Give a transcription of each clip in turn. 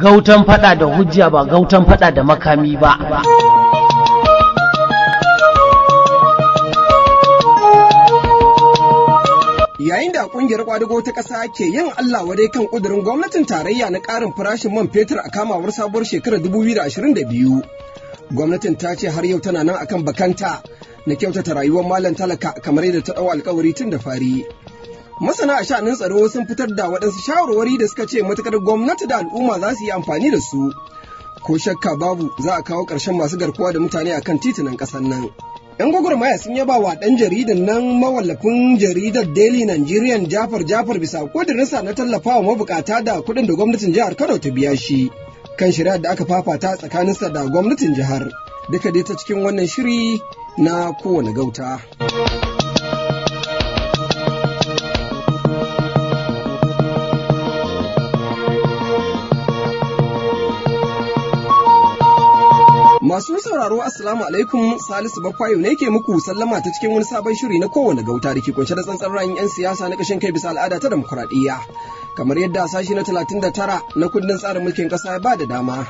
gautan fada da hujja ba gautan fada da makami ba yayin da kungiyar ƙwadago ta ƙasa ke yin Allah wadai kan kudurin gwamnatin tarayya na ƙarin farashin man fetur a kamawar sabuwar shekarar 2022 gwamnatin ta ce har yau tana nan akan bakanta na kyautata rayuwar malam talaka kamar yadda ta dau alkawari tun da fari masana a sha'anin tsaro sun fitar da waɗansu shawarwari da suka ce matukar gwamnati da al'umma za su yi amfani da su ko shakka babu za a kawo ƙarshen masu garkuwa da mutane a kan titunan ƙasar nan yan gwagwarmaya sun yaba wa ɗan jaridan nan mawallafin jaridar daily nigerian jafar jafar bisa ƙudurinsa na tallafa wa mabukata da kuɗin da gwamnatin jihar kano ta biya shi kan shari'ar da aka fafata tsakaninsa da gwamnatin jihar duka dai ta cikin wannan shiri na kowane gauta. Masu sauraro Assalamu alaikum Salisu Bakwayo ne ke muku sallama ta cikin wani sabon shiri na kowane gauta da ke kunshe da tsantsan ra'ayin 'yan siyasa na kashin kai bisa al'ada ta demokuraɗiyya. Kamar yadda sashi na 39 na kundin tsarin mulkin ƙasa ya bada dama.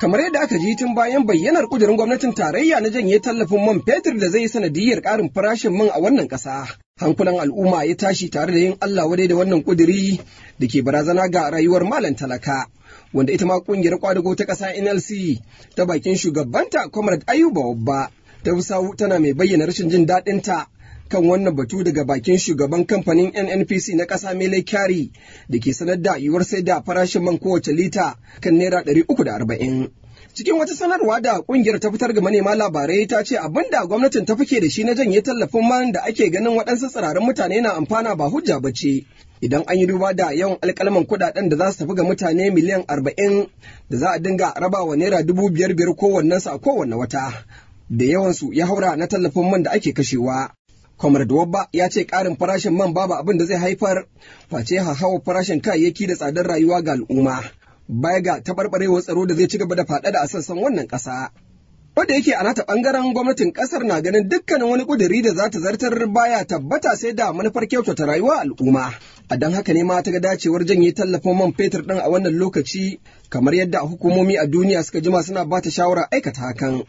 Kamar yadda aka ji tun bayan bayyanar kudirin gwamnatin tarayya na janye tallafin man fetur da zai yi sanadiyyar karin farashin man a wannan ƙasa. Hankulan al'umma ya tashi tare da yin Allah wadai da wannan kudiri da ke barazana ga rayuwar malam talaka. wanda ita ma kungiyar kwadago ta ƙasa NLC ta bakin shugabanta Comrade Ayuba obba ta Hausawu tana mai bayyana rashin jin daɗin ta kan wannan batu daga bakin shugaban kamfanin NNPC na ƙasa Mele Kyari da ke sanar da yiwuwar sai da farashin man kowace lita kan naira ɗari uku da arba'in. Cikin wata sanarwa da kungiyar ta fitar ga manema labarai ta ce abin da gwamnatin ta fike da shi na janye tallafin man da ake ganin waɗansu tsirarin mutane na amfana ba hujja ba ce. Idan an yi duba da yawan alkalaman kuɗaɗen da za su tafi ga mutane miliyan arba'in da za a dinga rabawa naira dubu biyar biyar kowannensu a kowanne wata. Da yawansu ya haura na tallafin man da ake kashewa. Comrade Wabba ya ce ƙarin farashin man babu abin da zai haifar face hahawar farashin kayayyaki da tsadar rayuwa ga al'umma. baya ga taɓarɓarewar tsaro da zai ci gaba da faɗaɗa a sassan wannan ƙasa. Wanda yake a nata ɓangaren gwamnatin ƙasar na ganin dukkanin wani ƙuduri da za ta zartar baya tabbata sai da manufar kyautata rayuwa al'umma. A don haka ne ma ta ga dacewar janye tallafin man fetur ɗin a wannan lokaci kamar yadda hukumomi a duniya suka jima suna ba ta shawara aikata hakan.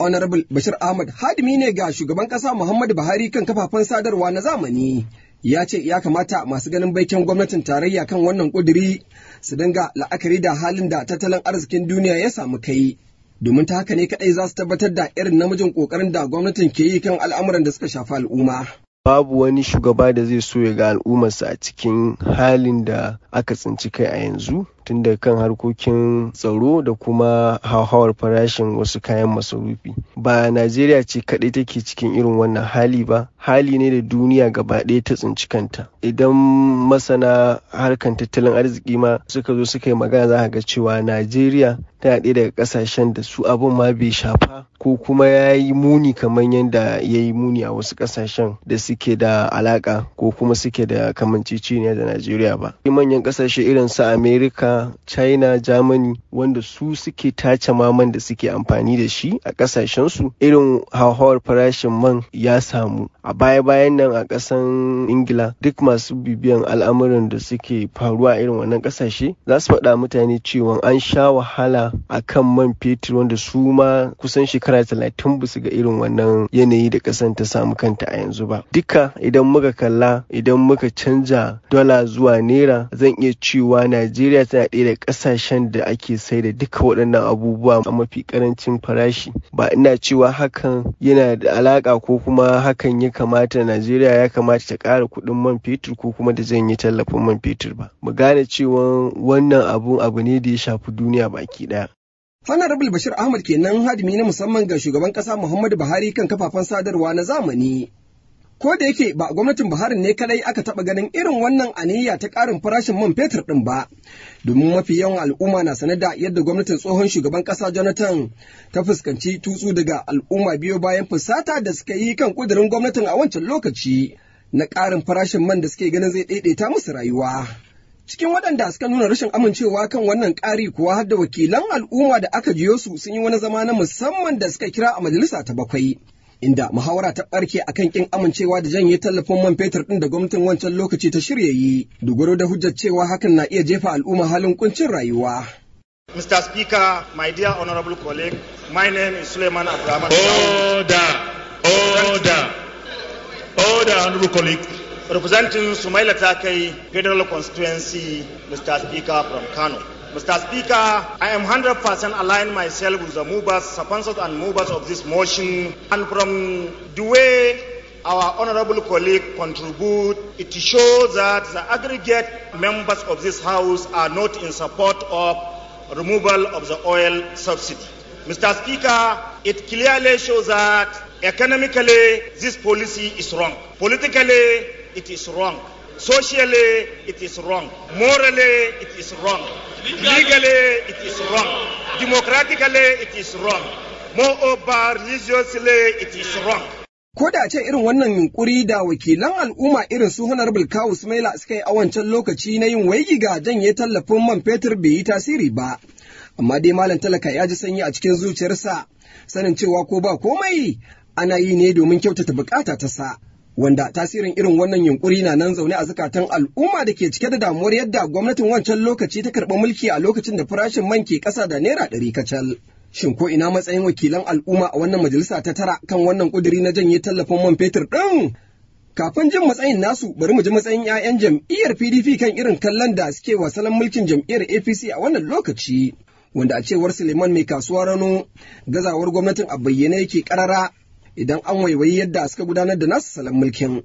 Honorable Bashir Ahmad hadimi ne ga shugaban ƙasa Muhammadu Buhari kan kafafen sadarwa na zamani. ya ce ya kamata masu ganin baiken gwamnatin tarayya kan wannan ƙuduri su dinga la'akari da halin da tattalin arzikin duniya ya samu kai domin ta haka ne kaɗai za su tabbatar da irin namijin ƙoƙarin da gwamnatin ke yi kan al'amuran da suka shafi al'umma. babu wani shugaba da zai so ya ga al'ummarsa a cikin halin da aka tsinci kai a yanzu tun da kan harkokin tsaro da kuma hauhawar farashin wasu kayan masarufi ba najeriya ce kaɗai take cikin irin wannan hali ba hali ne da duniya gaba ɗaya ta tsinci kanta idan masana harkan tattalin arziki ma suka zo suka yi magana za ga cewa najeriya tana ɗaya daga ƙasashen da su abin ma bai shafa ko kuma ya yi muni kamar yadda ya yi muni a wasu ƙasashen da suke da alaƙa ko kuma suke da kamanciciniya da najeriya ba manyan kasashe irin su america china germany wanda su suke tace maman da suke amfani da shi a kasashensu irin hauhawar farashin man ya samu a baya-bayan nan a kasan ingila duk masu bibiyan al'amuran da suke faruwa irin wannan kasashe za su faɗa mutane cewa an sha wahala a kan man fetur wanda su ma kusan shekara talatin ba su ga irin wannan yanayi da kasan ta samu kanta a yanzu ba duka idan muka kalla idan muka canja dola zuwa naira zan iya cewa Najeriya tana ɗaya da ƙasashen da ake sai da duka waɗannan abubuwa a mafi ƙarancin farashi. Ba ina cewa hakan yana da alaƙa ko kuma hakan ya kamata Najeriya ya kamata ta ƙara kuɗin man fetur ko kuma da zan yi tallafin man fetur ba. Mu gane cewa wannan abu abu ne da ya shafi duniya baki ɗaya. fana Rabul Bashir Ahmad kenan hadimi na musamman ga shugaban ƙasa Muhammadu Buhari kan kafafen sadarwa na zamani. Ko da yake ba gwamnatin Buhari ne kadai aka taɓa ganin irin wannan aniyya ta karin farashin man fetur ɗin ba, domin mafi yawan al'umma na sanar da yadda gwamnatin tsohon shugaban ƙasa Jonathan ta fuskanci tutsu daga al'umma biyo bayan fusata da suka yi kan kudirin gwamnatin a wancan lokaci na karin farashin man da suke ganin zai ɗaiɗaita musu rayuwa. cikin waɗanda suka nuna rashin amincewa kan wannan ƙari kuwa har da wakilan al'umma da aka jiyo su sun yi wani zama na musamman da suka kira a majalisa ta bakwai inda muhawara ta barke akan kin amincewa da janye tallafin man fetur ɗin da gwamnatin wancan lokaci ta shirya yi dogaro da hujjar cewa hakan na iya jefa al'umma halin kuncin rayuwa Mr. Speaker, my dear honorable colleague, my name is Suleiman Abdulrahman. Order, order, order, honorable colleague. Representing Sumaila Takai, Federal Constituency, Mr. Speaker from Kano. Mr. Speaker, I am 100% aligned myself with the movers, sponsors and movers of this motion. And from the way our honorable colleague contribute, it shows that the aggregate members of this House are not in support of removal of the oil subsidy. Mr. Speaker, it clearly shows that economically this policy is wrong. Politically, it is wrong. Socially, it is wrong. Morally, it is wrong. Legally, it is wrong. Democratically, it is wrong. Moreover, religiously, it is wrong. Ko da ce irin wannan yunkuri da wakilan al'umma irin su Honorable Kawu Sumaila suka yi a lokaci na yin waigi ga janye tallafin man fetur bai yi tasiri ba. Amma dai malam talaka ya ji sanyi a cikin zuciyarsa, sanin cewa ko ba komai ana yi ne domin kyautata bukata ta sa. wanda tasirin irin wannan yunkuri na nan zaune a zukatan al'umma da ke cike da damuwar yadda gwamnatin wancan lokaci ta karɓi mulki a lokacin da farashin man ke ƙasa da naira ɗari kacal. Shin ko ina matsayin wakilan al'umma a wannan majalisa ta tara kan wannan ƙuduri na janye tallafin man fetur ɗin? Kafin jin matsayin nasu bari mu ji matsayin 'ya'yan jam'iyyar PDP kan irin kallon da suke wa salon mulkin jam'iyyar APC a wannan lokaci. Wanda a cewar Suleiman mai kasuwa rano gazawar gwamnatin a bayyane yake karara idan an waiwayi yadda suka gudanar da nasu salon mulkin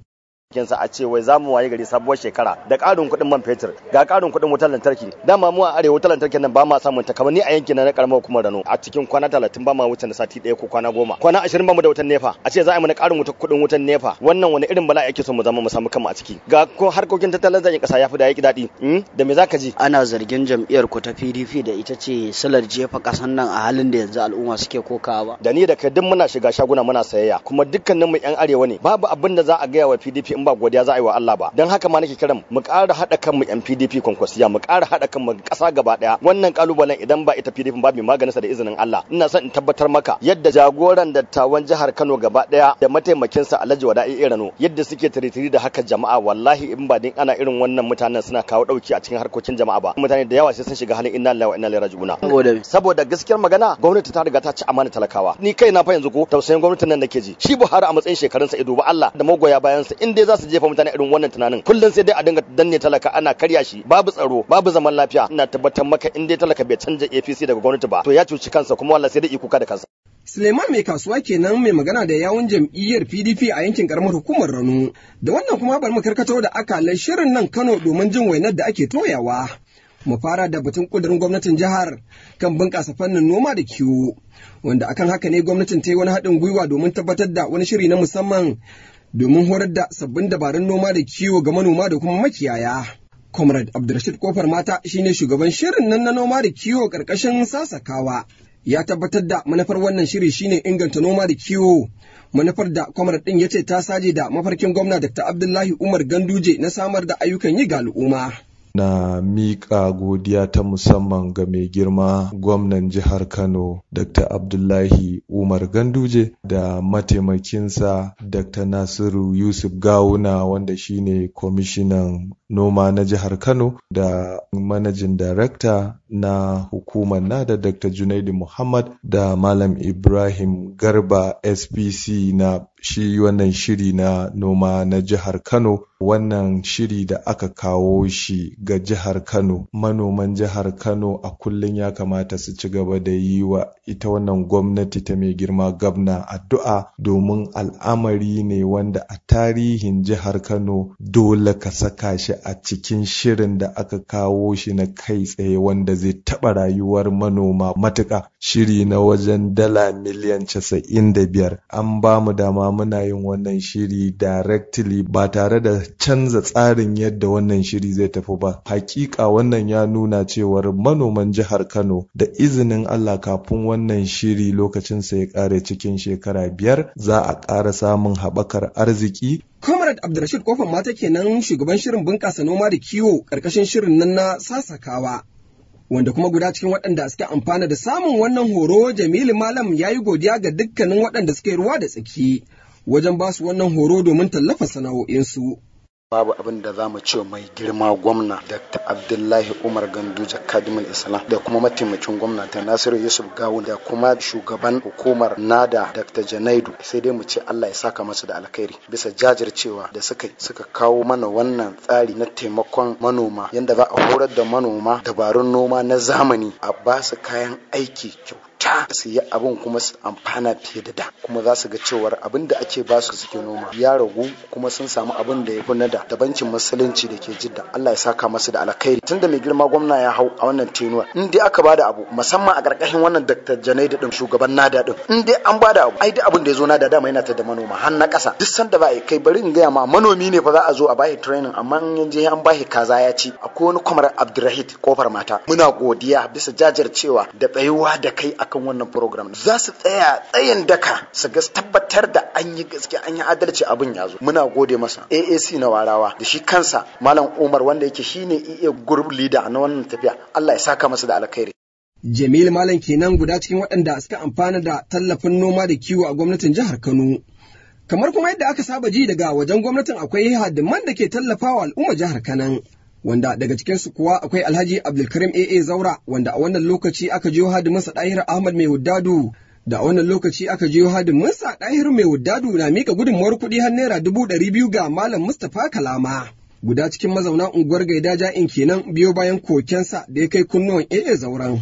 kinsa a ce wai zamu waye gari sabuwar shekara da karin kuɗin man fetur ga karin kuɗin wutar lantarki dama mu a arewa wutar lantarki nan ba ma samun ta kamar ni a yankin na karamar hukumar Rano a cikin kwana 30 ba ma wuce na sati ɗaya ko kwana goma kwana 20 ba mu da wutar nefa a ce za a yi mana karin wutar kuɗin wutar nefa wannan wani irin bala'i yake so mu zama mu samu kanmu a ciki ga ko harkokin tattalin arzikin ƙasa yafi da yake daɗi hmm? da me zaka ji ana zargin jam'iyyar ku ta PDP da ita ce salar jefa ƙasan nan a halin da yanzu al'umma suke kokawa da ni da kai duk muna shiga shaguna muna sayayya kuma dukkaninmu 'yan arewa ne babu abin da za a gaya wa PDP in ba godiya za a yi wa Allah ba dan haka ma nake kiran mu ƙara haɗa kan yan MPDP konkwasiya mu ƙara haɗa mu ƙasa gaba ɗaya wannan kalubalen idan ba ita PDP ba mai maganinsa da izinin Allah ina son in tabbatar maka yadda jagoran dattawan jihar Kano gaba ɗaya da mataimakinsa Alhaji Wada'i Irano yadda suke tiritiri da haka jama'a wallahi in ba din ana irin wannan mutanen suna kawo dauki a cikin harkokin jama'a ba mutane da yawa sai sun shiga halin inna lillahi wa inna ilaihi raji'un saboda gaskiyar magana gwamnati ta riga ta ci amana talakawa ni kai na fa yanzu ko tausayin gwamnatin nan nake ji shi Buhari a matsayin shekarunsa ido ba Allah da magoya bayansa in dai za su jefa mutane irin wannan tunanin kullum sai dai a dinga danne talaka ana karya shi babu tsaro babu zaman lafiya ina tabbatar maka in dai talaka bai canja APC daga gwamnati ba to ya cuci kansa kuma wallahi sai dai ikuka da kansa Suleiman mai kasuwa kenan mai magana da yawun jam'iyyar PDP a yankin karamar hukumar Rano da wannan kuma bari mu karkato da akalar shirin nan Kano domin jin wainar da ake toyawa mu fara da batun kudurin gwamnatin jihar kan bunƙasa fannin noma da kiwo wanda akan haka ne gwamnatin ta yi wani haɗin gwiwa domin tabbatar da wani shiri na musamman domin horar da sabbin dabarun noma da kiwo ga manoma da kuma makiyaya. Comrade Abdulrashid Kofar Mata shine shugaban shirin nan na noma da kiwo ƙarƙashin sasakawa. Ya tabbatar da manufar wannan shiri shine inganta noma da kiwo. Manufar da Comrade ɗin ya ce ta saje da mafarkin gwamna Dr. Abdullahi Umar Ganduje na samar da ayyukan yi ga al'umma. na miƙa godiya ta musamman ga mai girma gwamnan jihar kano dr abdullahi umar ganduje da mataimakinsa Dr. Nasiru Yusuf Gawuna wanda shine kwamishinan noma na jihar Kano da manajin darakta na hukumar da Dr. Junaidi Muhammad da Malam Ibrahim Garba SPC na shi wannan shiri na noma na jihar Kano wannan shiri da aka kawo shi ga jihar Kano manoman jihar Kano a kullum ya kamata su ci gaba da yi wa ita wannan gwamnati ta mai girma gabna a addu'a domin al'amari ne wanda a tarihin jihar Kano dole ka saka shi a cikin shirin da aka kawo shi na kai tsaye wanda zai taɓa rayuwar manoma matuƙa shiri na wajen dala miliyan casa'in da biyar an ba mu dama muna yin wannan shiri directly ba tare da canza tsarin yadda wannan shiri zai tafi ba hakika wannan ya nuna cewar manoman jihar Kano da izinin Allah kafin wannan shiri lokacinsa ya ƙare cikin shekaru. shekara biyar za a ƙara samun haɓakar arziki Comrade Abdulrashid Kofan mata kenan shugaban shirin bunƙasa noma da kiwo ƙarƙashin shirin nan na sasakawa. Wanda kuma guda cikin waɗanda suke amfana da samun wannan horo Jamilu Malam ya yi godiya ga dukkanin waɗanda suke ruwa da tsaki wajen ba su wannan horo domin tallafa sana'o'insu. babu abin da za mu ce mai girma gwamna dr abdullahi umar ganduja kadimul islam da kuma mataimakin gwamna ta nasiru yusuf gawun da kuma shugaban hukumar nada dr janaidu sai dai mu ce allah ya saka masu da alkhairi bisa jajircewa da suka suka kawo mana wannan tsari na taimakon manoma yadda za a horar da manoma dabarun noma na zamani a basu kayan aiki kyau da su yi abin kuma su amfana fiye da da kuma za su ga cewar abin da ake ba su suke noma ya ragu kuma sun samu abin da ya fi na da da bankin musulunci da ke jidda Allah ya saka masu da alkhairi tunda mai girma gwamna ya hau a wannan tenuwa in dai aka bada abu musamman a karkashin wannan Dr. Janaidu din shugaban Nada din in dai an bada abu ai duk abin da ya zo Nada dama yana ta da manoma har na kasa duk sanda ba kai bari in gaya ma manomi ne fa za a zo a bashi training amma in je an bashi kaza ya ci akwai wani kwamar Abdurrahid kofar mata muna godiya bisa jajircewa da tsayuwa da kai akan akan wannan program za su tsaya tsayin daka su ga tabbatar da an yi gaskiya an yi adalci abin ya zo muna gode masa AAC na warawa da shi kansa malam Umar wanda yake shine EA group leader na wannan tafiya Allah ya saka masa da alkhairi Jamil Malam kenan guda cikin waɗanda suka amfana da tallafin noma da kiwo a gwamnatin jihar Kano kamar kuma yadda aka saba ji daga wajen gwamnatin akwai hadiman da ke tallafawa al'umma jihar kano wanda daga cikinsu kuwa akwai Alhaji Abdulkarim AA Zaura wanda a wannan lokaci aka jiyo hadin masa ɗahir Ahmad Mai Huddadu da a wannan lokaci aka jiyo hadin masa ɗahir Mai Huddadu na mika gudunmuwar kuɗi har naira dubu ɗari biyu ga Malam Mustapha Kalama. Guda cikin mazauna unguwar Gaidaja in kenan biyo bayan kokensa da ya kai kunnuwan AA Zauran.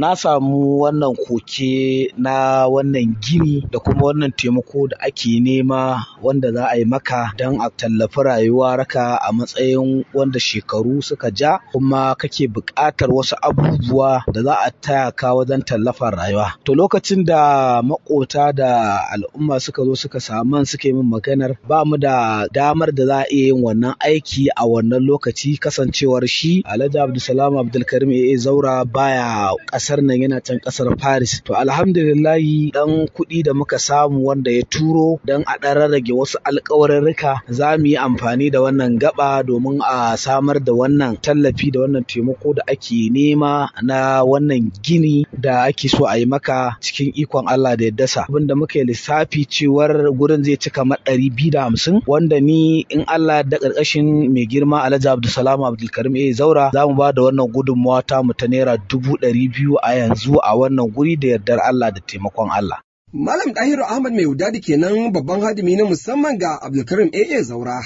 na samu wannan koke na wannan gini da kuma wannan taimako da ake nema wanda za a yi maka don a tallafi rayuwa raka a matsayin wanda shekaru suka ja kuma kake buƙatar wasu abubuwa da za a taya ka wajen tallafar rayuwa to lokacin da makota da al'umma suka zo suka samu suke min maganar ba mu da damar da za a iya yin wannan aiki a wannan lokaci kasancewar shi alhaji abdulsalam abdulkarim ya zaura baya ƙasa kasar nan yana can kasar Paris. To alhamdulillahi dan kuɗi da muka samu wanda ya turo dan a ɗan rage wasu alƙawarurruka za mu yi amfani da wannan gaba domin a samar da wannan tallafi da wannan taimako da ake nema na wannan gini da ake so a yi maka cikin ikon Allah da ya dasa. Abin da muka yi lissafi cewar gurin zai cika kamar ɗari biyu da hamsin wanda ni in Allah da karkashin mai girma Alhaji Abdulsalam Abdulkarim A Zaura za mu ba da wannan gudunmawa ta mu ta naira dubu ɗari biyu a yanzu a wannan guri da yardar Allah da taimakon Allah. Malam Dahiru Ahmad mai wudadi kenan babban hadimi na musamman ga Abdulkarim AA Zaura.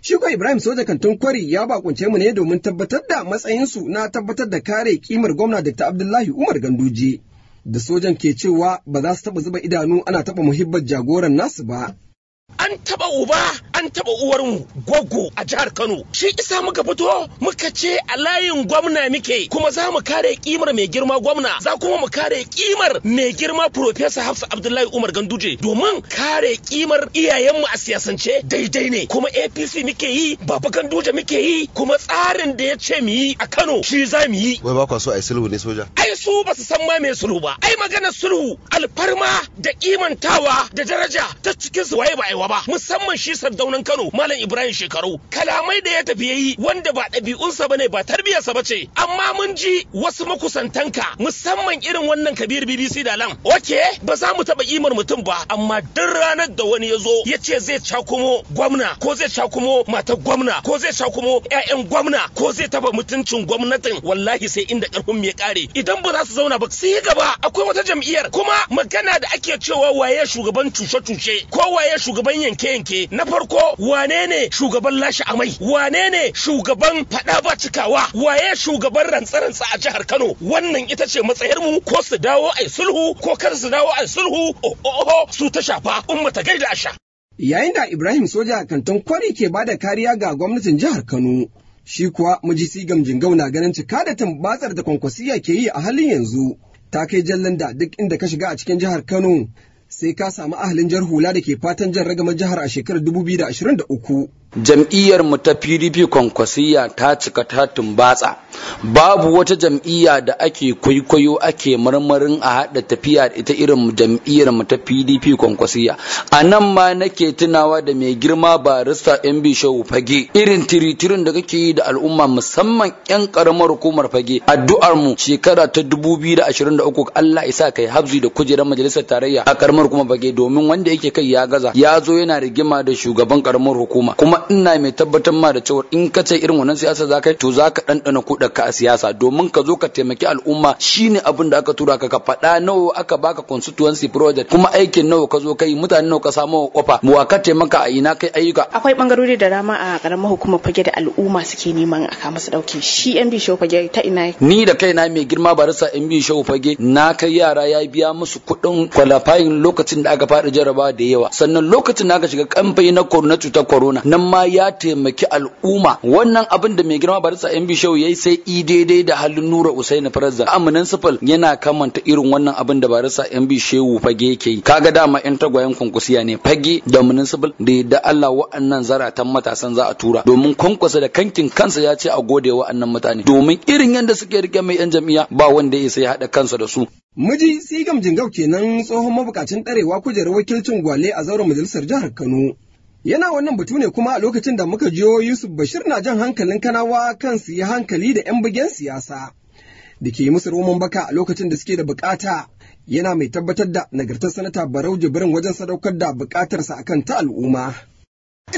Shi Ibrahim Soja Kantin Kwari ya bakunce mu ne domin tabbatar da matsayinsu na tabbatar da kare kimar gwamna Dr. Abdullahi Umar Ganduje. Da sojan ke cewa ba za su taɓa zuba idanu ana taɓa muhibbar jagoran nasu ba. an taba uba an taba uwarmu gwaggo a jihar Kano shi isa muka fito muka ce a layin gwamna muke kuma za mu kare kimar mai girma gwamna za kuma mu kare kimar mai girma Profesa Hafsa Abdullahi Umar Ganduje domin kare kimar iyayenmu a siyasance daidai ne kuma APC muke yi baba Ganduje muke yi kuma tsarin da ya ce mu yi a Kano shi za mu yi wai ba so ai sulhu ne soja ai su ba su san ma mai sulhu ba ai magana sulhu alfarma da kimantawa da daraja ta cikin su waye ba ai cewa ba musamman shi sardaunan Kano Malam Ibrahim Shekaru kalamai da ya tafi yayi wanda ba ɗabi'unsa bane ba tarbiyarsa bace amma mun ji wasu makusantanka musamman irin wannan Kabir BBC da lan. oke ba za mu taɓa imar mutum ba amma duk ranar da wani ya zo ya ce zai cakumo gwamna ko zai cakumo matar gwamna ko zai cakumo 'ya'yan gwamna ko zai taba mutuncin gwamnatin wallahi sai inda karfin mai kare idan ba za su zauna ba su yi gaba akwai wata jam'iyyar kuma magana da ake cewa waye shugaban cushe-cushe ko waye shugaban shugaban yanke-yanke na farko wane ne shugaban lashe amai wane ne shugaban faɗa ba cikawa waye shugaban rantsa a jihar kano wannan ita ce matsayar mu ko su dawo ai sulhu ko kar su dawo ai sulhu oho su ta shafa umma ta gaida asha yayin da ibrahim soja kantin kwari ke bada kariya ga gwamnatin jihar kano shi kuwa majisi gamjin na ganin cika da tambatsar da kwankwasiya ke yi a halin yanzu ta kai jallan da duk inda ka shiga a cikin jihar kano sai ka samu ahalin jar hula da ke fatan jan ragamar jihar a shekarar 2023. jam'iyyar mu ta pdp kwankwasiyya ta cika ta tumbatsa babu wata jam'iyya da ake kwaikwayo ake marmarin a haɗa tafiya ita irin jam'iyyar mu ta pdp kwankwasiyya a nan ma nake tunawa da mai girma barista mb shehu fage irin tiritirin da kake yi da al'umma musamman yan karamar hukumar fage addu'ar mu shekara ta 2023 Allah isa kai habzi da kujerar majalisar tarayya a karamar hukumar fage domin wanda yake kai ya gaza ya zo yana rigima da shugaban karamar hukuma kuma ina mai tabbatar ma da cewa in ka ce irin wannan siyasa za ka to za ka ɗanɗana kuɗa ka a siyasa domin ka zo ka taimaki al'umma shine abin da aka tura ka ka faɗa nawa aka baka constituency project kuma aikin nawa ka zo kai mutane nawa ka samu kofa mu ka taimaka a ina kai ayyuka akwai bangarori da dama a karamar hukumar fage da al'umma suke neman a kama su ɗauke shi bi shau fage ta ina ni da kaina mai girma barisa bi shau fage na kai yara ya biya musu kuɗin kwalafayin lokacin da aka faɗi jarabawa da yawa sannan lokacin da aka shiga kamfani na corona cutar corona nan ma ya taimaki al'umma wannan abin da mai girma barista MB Shehu yayi sai i daidai da halin Nura Usaini Farazza a municipal yana kamanta irin wannan abin da barista MB Shehu fage yake kaga dama yan tagwayen kunkusiya ne fage da municipal da da Allah wa'annan zaratan matasan za a tura domin kwankwasa da kankin kansa ya ce a gode wa'annan mutane domin irin yadda suke rike mai yan jam'iyya ba wanda ya sai haɗa kansa da su Miji Sigam Jingau kenan tsohon mabukacin ɗarewa kujerar wakilcin gwale a zauren majalisar jihar Kano. Yana wannan batu ne kuma a lokacin da muka jiyo Yusuf Bashir na jan hankalin kanawa kan su yi hankali da 'yan bugen siyasa da ke musu roman baka a lokacin da suke da bukata yana mai tabbatar da nagartar sanata Barau Jibrin wajen sadaukar da bukatarsa akan ta al'umma.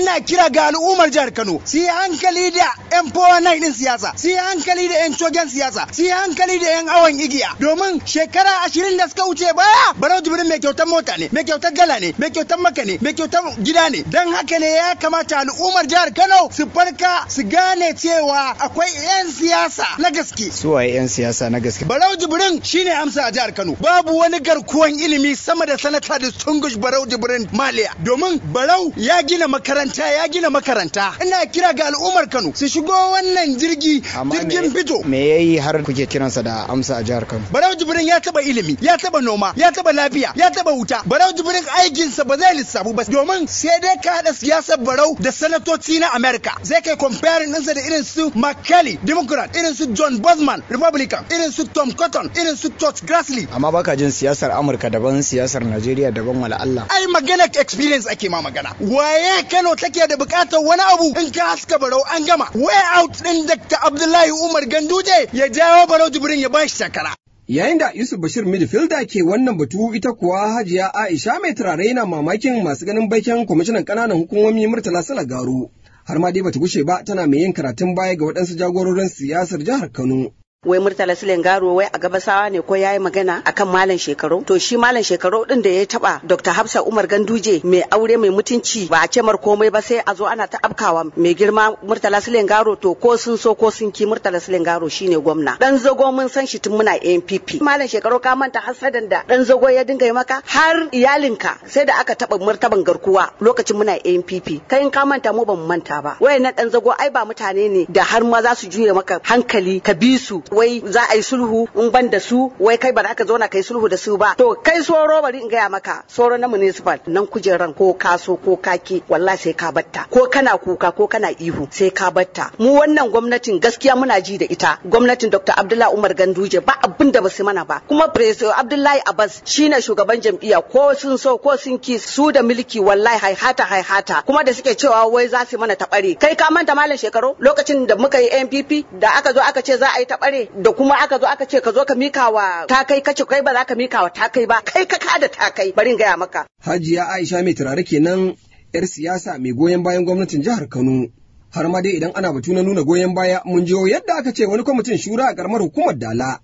ina kira ga al'ummar jihar Kano su yi hankali da yan na ɗin siyasa su yi hankali da yan cogen siyasa su yi hankali da yan awon igiya domin shekara ashirin da suka wuce baya barau jibrin mai kyautar mota ne mai kyautar gala ne mai kyautar maka ne mai kyautar gida ne don haka ne ya kamata al'ummar jihar Kano su farka su gane cewa akwai yan siyasa na gaske su waye yan siyasa na gaske barau jibrin shine amsa a jihar Kano babu wani garkuwan ilimi sama da sanata da distinguished barau jibrin maliya domin barau ya gina makaranta. makaranta ya gina makaranta ina kira ga al'ummar Kano su shigo wannan jirgi jirgin fito me yayi har kuke kiransa da amsa a jihar Kano Barau Jibrin ya taba ilimi ya taba noma ya taba lafiya ya taba wuta Barau Jibrin aikinsa ba zai lissabu ba domin sai dai ka haɗa siyasar Barau da sanatoci na America zai kai comparing ɗinsa da irin su McKelly Democrat irin su John Bosman Republican irin su Tom Cotton irin su George Grassley amma baka jin siyasar Amurka daban siyasar Najeriya daban wala Allah ai magana experience ake ma magana waye ka? Kano take da bukatar wani abu in ka haska barau an gama. Way out ɗin Dr. Abdullahi Umar Ganduje ya jawo barau jibirin ya bashi takara. Yayin da Yusuf Bashir midfielder ke wannan batu ita kuwa Hajiya Aisha mai turare yana mamakin masu ganin baikin kwamishinan ƙananan hukumomi Murtala Salagaru. Har ma dai bata gushe ba tana mai yin karatun baya ga waɗansu jagororin siyasar jihar Kano. wai murtala silen garo wai a gabasawa ne ko yayi magana akan malam shekaru to shi malam shekaru din da ya taba dr hafsa umar ganduje mai aure mai mutunci ba a ce mar komai ba sai a zo ana ta afkawa mai girma murtala silen garo to ko sun so ko sun ki murtala silen garo shine gwamna dan zago mun san shi tun muna npp malam shekaru ka manta hasadan da dan zago ya dinga yi maka har iyalinka sai da aka taba martaban garkuwa lokacin muna npp kai in ka manta mu ban manta ba wayannan dan zago ai ba mutane ne da har ma za su juye maka hankali ka bi su wai za a yi sulhu in ban da su wai kai ba za ka zauna kai sulhu da su ba to kai soro bari in gaya maka soro na municipal nan kujeran ko kaso ko kaki wallahi sai ka batta ko kana kuka ko kana ihu sai ka batta mu wannan gwamnatin gaskiya muna ji da ita gwamnatin Dr. Abdullahi Umar Ganduje ba abin da basu mana ba kuma preso Abdullahi Abbas shine shugaban jam'iyya ko sun so ko sun ki su da mulki wallahi haihata haihata kuma da suke cewa wai za su mana tabare kai ka manta malam shekaru lokacin da muka yi NPP da aka zo aka ce za a yi tabare da kuma aka zo aka ce ka zo ka mika wa ta kai ce kai ba za ka mika wa ta kai ba kai ka kada ta kai bari in gaya maka hajiya aisha mai turare kenan yar siyasa mai goyon bayan gwamnatin jihar kano har ma dai idan ana batu na nuna goyon baya mun jiyo yadda aka ce wani kwamitin shura a karamar hukumar dala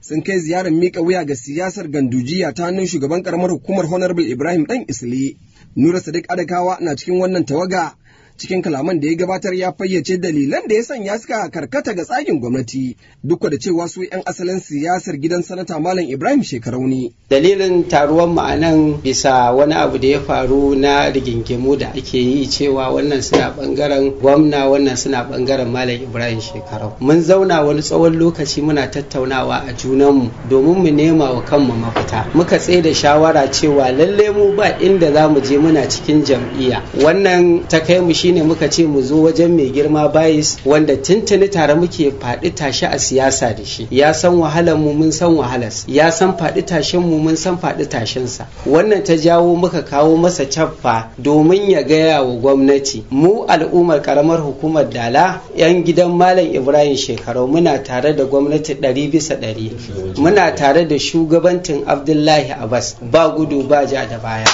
sun kai ziyarar mika wuya ga siyasar gandujiya ta hannun shugaban karamar hukumar honorable ibrahim dan isli nura sadiq adakawa na cikin wannan tawaga cikin kalaman da ya gabatar ya fayyace dalilan da ya sanya suka karkata ga tsagin gwamnati duk da cewa su 'yan asalin siyasar gidan sanata malam ibrahim shekarau ne dalilin taruwan ma'anan bisa wani abu da ya faru na rigingimu da ake yi cewa wannan suna bangaren gwamna wannan suna bangaren malam ibrahim shekarau mun zauna wani tsawon lokaci muna tattaunawa a junanmu domin mu nema wa kanmu mafita muka tsaye da shawara cewa lallai mu ba inda za mu je muna cikin jam'iyya wannan ta kai mu shine muka ce mu zo wajen mai girma bayis wanda tuntuni tare muke faɗi tashi a siyasa da shi ya san wahalar mu mun san wahalas ya san faɗi tashin mu mun san faɗi tashin sa wannan ta jawo muka kawo masa caffa domin ya gaya wa gwamnati mu al'ummar karamar hukumar dala yan gidan malam ibrahim shekaru muna tare da gwamnati ɗari bisa ɗari muna tare da shugabancin abdullahi abbas ba gudu ba ja da baya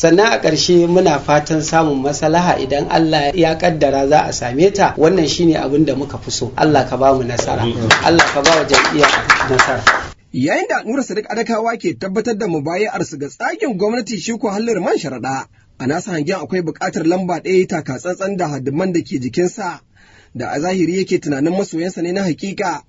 sannan a ƙarshe muna fatan samun maslaha idan Allah ya kaddara za a same ta wannan shine abin da muka fi so Allah ka ba mu nasara Allah ka ba wa jam'iyya nasara yayin da Nura Sadiq Adakawa ke tabbatar da su ga tsakin gwamnati shi ko hallar man sharaɗa a nasa hangen akwai buƙatar lamba ɗaya taka tsantsan da hadiman da ke jikinsa da a zahiri yake tunanin masoyansa ne na hakika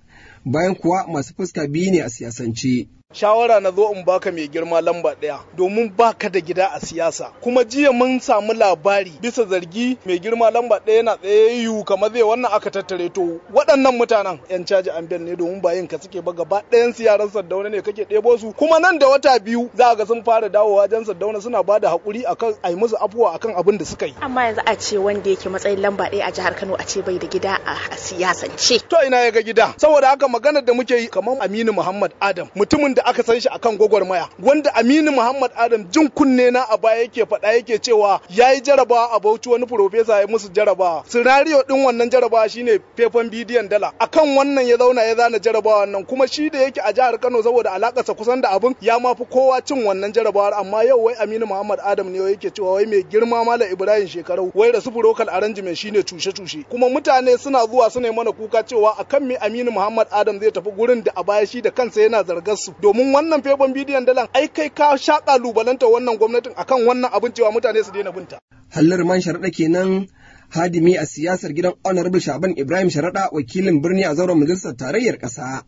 bayan kuwa masu fuska biyu ne a siyasance. shawara na zo in baka mai girma lamba ɗaya domin baka da gida a siyasa kuma jiya mun samu labari bisa zargi mai girma lamba ɗaya yana tsaye yu kamar zai wannan aka tattare to waɗannan mutanen yan caji ambiyan ne domin bayin ka suke ba gaba ɗayan siyaran sardauna ne kake ɗebo su kuma nan da wata biyu za ga sun fara dawowa wajen sardauna suna ba da haƙuri a kan ai musu afuwa kan abin da suka yi. amma yanzu a ce wanda yake matsayin lamba ɗaya a jihar kano a ce bai da gida a siyasance. to ina ya ga gida saboda haka maganar da muke yi kamar aminu muhammad adam mutumin da da aka san shi akan gwagwarmaya wanda Aminu Muhammad Adam jin kunne na a baya yake faɗa yake cewa ya yi jarabawa a Bauchi wani profesa ya musu jarabawa scenario din wannan jarabawa shine faifan bidiyon dala akan wannan ya zauna ya zana jarabawar nan kuma shi da yake a jihar Kano saboda sa kusan da abin ya mafi kowa cin wannan jarabawar amma yau wai Aminu Muhammad Adam ne yake cewa wai mai girma mala Ibrahim Shekarau wai da sufurokal arrangement shine cushe-cushe kuma mutane suna zuwa ne mana kuka cewa akan me Aminu Muhammad Adam zai tafi gurin da a baya shi da kansa yana zargar su domin wannan faifan bidiyon dalan ai kai ka sha kalubalanta wannan gwamnatin akan wannan abin cewa mutane su daina binta hallar man sharaɗa kenan hadimi a siyasar gidan honorable shaban ibrahim sharaɗa wakilin birni a zauren majalisar tarayyar ƙasa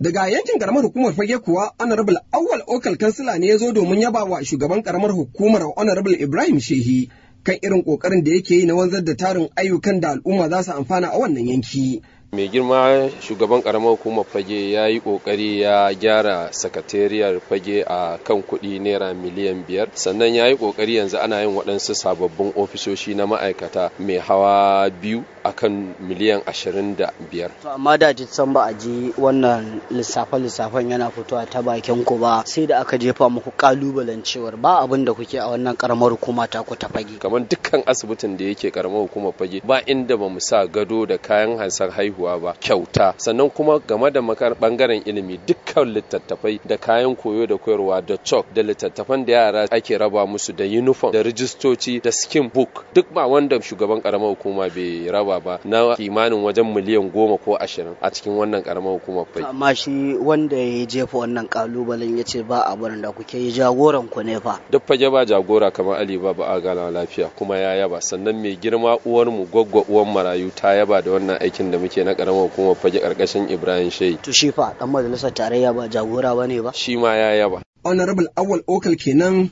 daga yankin karamar hukumar fage kuwa honorable awal okal kansila ne ya zo domin yaba wa shugaban karamar hukumar honorable ibrahim shehi kan irin kokarin da yake yi na wanzar da tarin ayyukan da al'umma za su amfana a wannan yanki mai girma shugaban karamar hukumar fage ya yi kokari ya gyara sakatariyar fage a kan kuɗi naira miliyan biyar sannan ya yi kokari yanzu ana yin waɗansu sababbin ofisoshi na ma'aikata mai hawa biyu a kan miliyan ashirin da biyar. amma da san ba a ji wannan lissafe-lissafen yana fitowa ta bakin ku ba sai da aka jefa muku kalubalen cewar ba abin da kuke a wannan karamar hukuma ta ku ta fage. kamar dukkan asibitin da yake karamar hukumar fage ba inda ba mu sa gado da kayan hansar haihuwa haihuwa ba kyauta sannan kuma game da makar bangaren ilimi dukkan littattafai da kayan koyo da koyarwa da chalk da littattafan da yara ake raba musu da uniform da rijistoci da skin book duk ba wanda shugaban karamar hukuma bai raba ba na kimanin wajen miliyan goma ko ashirin a cikin wannan karamar hukumar fai amma shi wanda ya jefa wannan kalubalen ya ce ba abin da kuke yi jagoran ku ne fa duk fage ba jagora kamar ali ba ba a gana lafiya kuma ya yaba sannan mai girma uwarmu gwaggwa uwar marayu ta yaba da wannan aikin da muke na karamar kuma fage karkashin Ibrahim Shai. To shi fa dan majalisar tarayya ba jagora ba ne ba. Shi ma ya yaba. Honorable Awal Okal kenan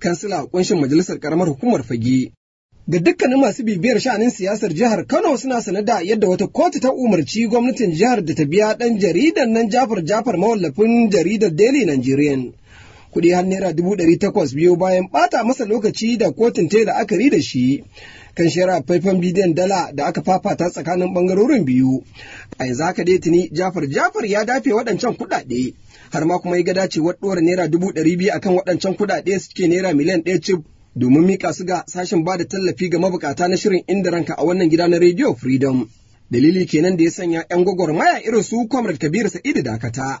kansila a kunshin majalisar karamar hukumar fage. Ga dukkanin masu bibiyar sha'anin siyasar jihar Kano suna sane da yadda wata kotu ta umarci gwamnatin jihar da ta biya ɗan jaridar nan Jafar Jafar mawallafin jaridar Daily Nigerian. kuɗi har naira dubu ɗari takwas biyu bayan ɓata masa lokaci da kotun ta la'akari da shi kan shera faifan bidiyon dala da aka fafata tsakanin bangarorin biyu a yanzu haka dai tuni jafar jafar ya dafe waɗancan kuɗaɗe har ma kuma ya ga dacewar ɗora naira dubu ɗari biyu akan waɗancan kuɗaɗe suke naira miliyan ɗaya cif domin mika su ga sashen ba da tallafi ga mabukata na shirin inda ranka a wannan gida na radio freedom dalili kenan da ya sanya 'yan gwagwarmaya irin su comrade kabiru sa'idu dakata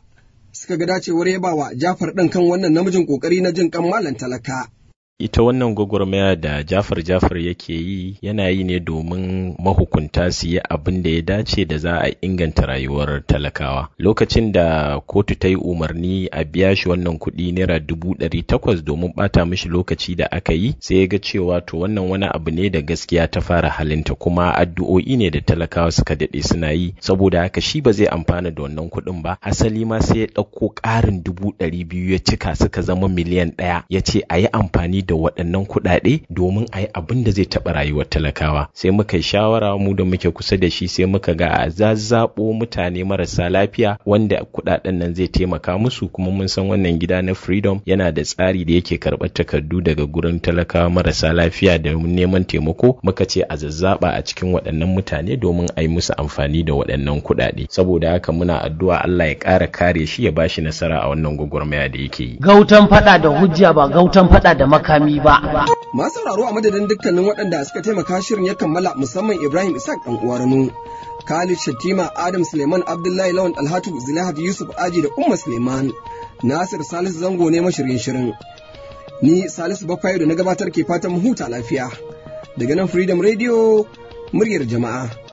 suka ga dacewar yabawa jafar ɗin kan wannan namijin ƙoƙari na jin kan malam talaka ita wannan gwagwarmaya da jafar jafar yake yi yana yi ne domin mahukunta su yi abin da ya dace da za a inganta rayuwar talakawa lokacin da kotu ta yi umarni a biya shi wannan kuɗi naira dubu ɗari takwas domin ɓata mishi lokaci da aka yi sai ya ga cewa to wannan wani abu ne da gaskiya ta fara halinta kuma addu'o'i ne da talakawa suka daɗe suna yi saboda haka shi ba zai amfana da wannan kuɗin ba asali ma sai ya ɗauko ƙarin dubu ɗari biyu ya cika suka zama miliyan ɗaya ya ce a yi amfani da waɗannan kuɗaɗe domin a yi abin da zai taɓa rayuwar talakawa sai muka yi shawara mu da muke kusa da shi sai muka ga a zazzaɓo mutane marasa lafiya wanda kuɗaɗen nan zai taimaka musu kuma mun san wannan gida na freedom yana da tsari da yake karɓar takardu daga gurin talakawa marasa lafiya da neman taimako muka ce a zazzaɓa a cikin waɗannan mutane domin a yi musu amfani da waɗannan kuɗaɗe saboda haka muna addu'a Allah ya ƙara kare shi ya bashi nasara a wannan gwagwarmaya da yake yi gautan faɗa da hujja ba gautan faɗa da maka makami ba. Masu sauraro a madadin dukkanin waɗanda suka taimaka shirin ya kammala musamman Ibrahim Isaac ɗan uwarmu. Khalid Shattima Adam Suleiman Abdullahi Lawan Alhatu Zinahab Yusuf Aji da Umma Suleiman. Nasir Salisu Zango ne mashirin shirin. Ni Salisu Bafayo da na gabatar ke fatan mu huta lafiya. Daga nan Freedom Radio muryar jama'a.